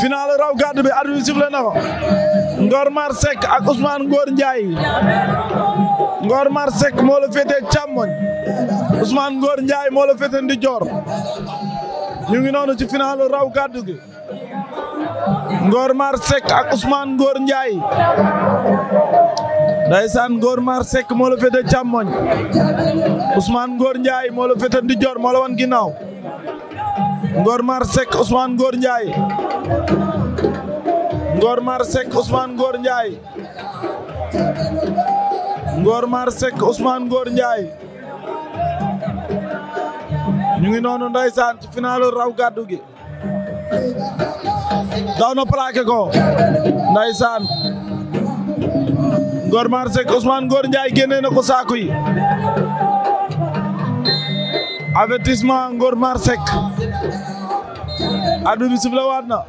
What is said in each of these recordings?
final raw gàddu bi arbitre bi sifflé na ko Mar sek ak usmaan ngoor njaay Ngor Mar Seck moo la féetee càmmoñ Ousmane ngoor njaay moola la féetee ndijoor ñu ngi noonu ci final raw gàddu gi Ngor Mar Seck ak Ousmane Ngor Ndiaye ndaysaan ngoor Mar Seck moola la féetee càmmoñ Ousmane Ngor Ndiaye moo la féetee ndijoor moo la wan ginnaaw Ngor Mar sekk Ousmane Ngor Ndiaye ngoor Mar Seck Ousmane Ngor Ndiaye Mar Seck Ousmane Ngor Ndiaye ñu ngi noonu ndeysaan ci finalu raw gàddu gi daw na plaqué ko ndeysaan Ngor Mar sekk Ousmane Ngor Ndiaye génne na ko saaku yi avertissement Ngor Mar Seck arbitre bi sifflé waat na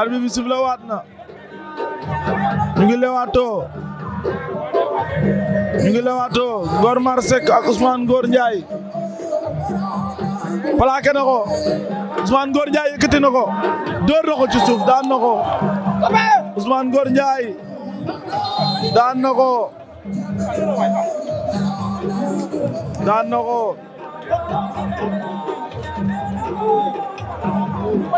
arbitre bi sifflé waat na ñu ngi lewaatoo ñu ngi lewaatoo Ngor Mar Seck ak Ousmane Ngor Ndiaye plaqué na ko Ousmane Ngor Ndiaye yëkkati na ko dóor na ko ci suuf daan na ko Ousmane Ngor Ndiaye daan na ko daan na ko